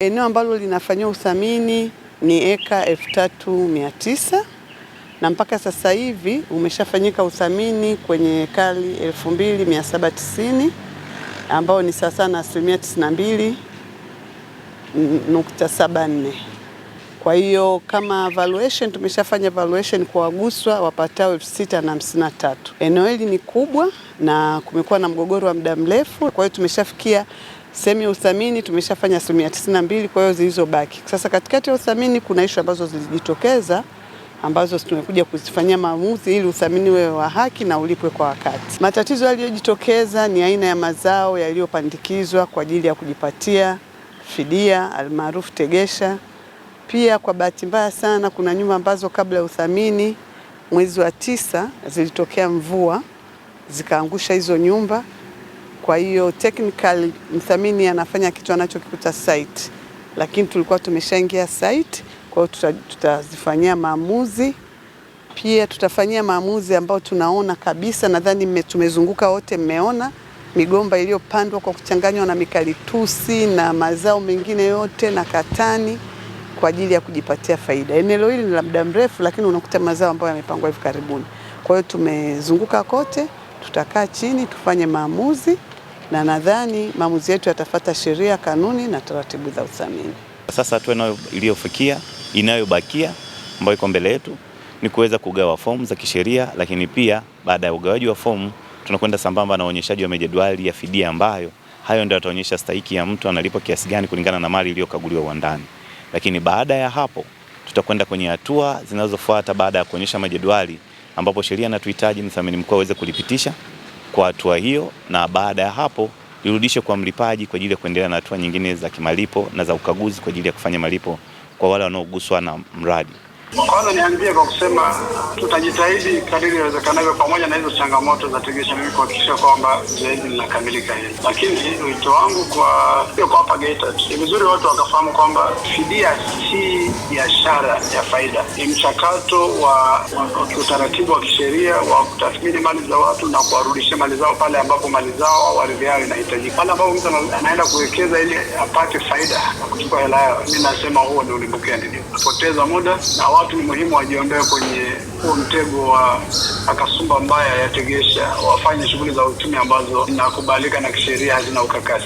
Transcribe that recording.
Eneo ambalo linafanyia uthamini ni eka 3900 na mpaka sasa hivi umeshafanyika uthamini kwenye ekari 2790 ambao ni sawasawa na asilimia 92.74. Kwa hiyo kama valuation tumeshafanya valuation kwa waguswa wapatao elfu na Eneo hili ni kubwa na kumekuwa na mgogoro wa muda mrefu, kwa hiyo tumeshafikia Sehemu ya uthamini tumeshafanya asilimia tisini na mbili, kwa hiyo zilizobaki sasa, katikati ya uthamini kuna ishu ambazo zilijitokeza ambazo tumekuja kuzifanyia maamuzi ili uthamini wewe wa haki na ulipwe kwa wakati. Matatizo yaliyojitokeza ni aina ya mazao yaliyopandikizwa kwa ajili ya kujipatia fidia almaarufu tegesha. Pia kwa bahati mbaya sana, kuna nyumba ambazo kabla ya uthamini mwezi wa tisa zilitokea mvua zikaangusha hizo nyumba. Kwa hiyo technical mthamini anafanya kitu anachokikuta site, lakini tulikuwa tumeshaingia site, kwa hiyo tutazifanyia tuta maamuzi pia tutafanyia maamuzi ambayo tunaona kabisa. Nadhani tumezunguka wote, mmeona migomba iliyopandwa kwa kuchanganywa na mikalitusi na mazao mengine yote na katani kwa ajili ya kujipatia faida. Eneo hili ni la muda mrefu, lakini unakuta mazao ambayo yamepangwa hivi karibuni. Kwa hiyo tumezunguka kote, tutakaa chini tufanye maamuzi na nadhani maamuzi yetu yatafuata sheria, kanuni na taratibu za uthamini. Sasa hatua iliyofikia inayobakia ambayo iko mbele yetu ni kuweza kugawa fomu za kisheria, lakini pia baada ya ugawaji wa fomu tunakwenda sambamba na uonyeshaji wa majedwali ya fidia ambayo hayo ndio yataonyesha stahiki ya mtu analipwa kiasi gani kulingana na mali iliyokaguliwa uwandani. Lakini baada ya hapo tutakwenda kwenye hatua zinazofuata baada ya kuonyesha majedwali, ambapo sheria inatuhitaji mthamini mkuu aweze kulipitisha kwa hatua hiyo, na baada ya hapo lirudishwe kwa mlipaji kwa ajili ya kuendelea na hatua nyingine za kimalipo na za ukaguzi kwa ajili ya kufanya malipo kwa wale wanaoguswa na mradi. Kwanza nianzie kwa kusema tutajitahidi kadiri iwezekanavyo, pamoja na hizo changamoto za tegesha, mimi kuhakikisha kwamba zoezi linakamilika hili. Lakini wito wangu kwa hiyo kwa hapa Geita, ni vizuri watu wakafahamu kwamba fidia si biashara ya faida, ni mchakato wa utaratibu wa kisheria wa kutathmini mali za watu na kuwarudishia mali zao pale ambapo mali zao au ardhi yao inahitajika. Pale ambapo mtu anaenda kuwekeza ili apate faida na kuchukua hela yao, mi nasema huo ni ulimbukeni, poteza muda na watu ni muhimu wajiondoe kwenye huo mtego wa akasumba mbaya ya tegesha, wafanye shughuli za uchumi ambazo zinakubalika na kisheria, hazina ukakasi.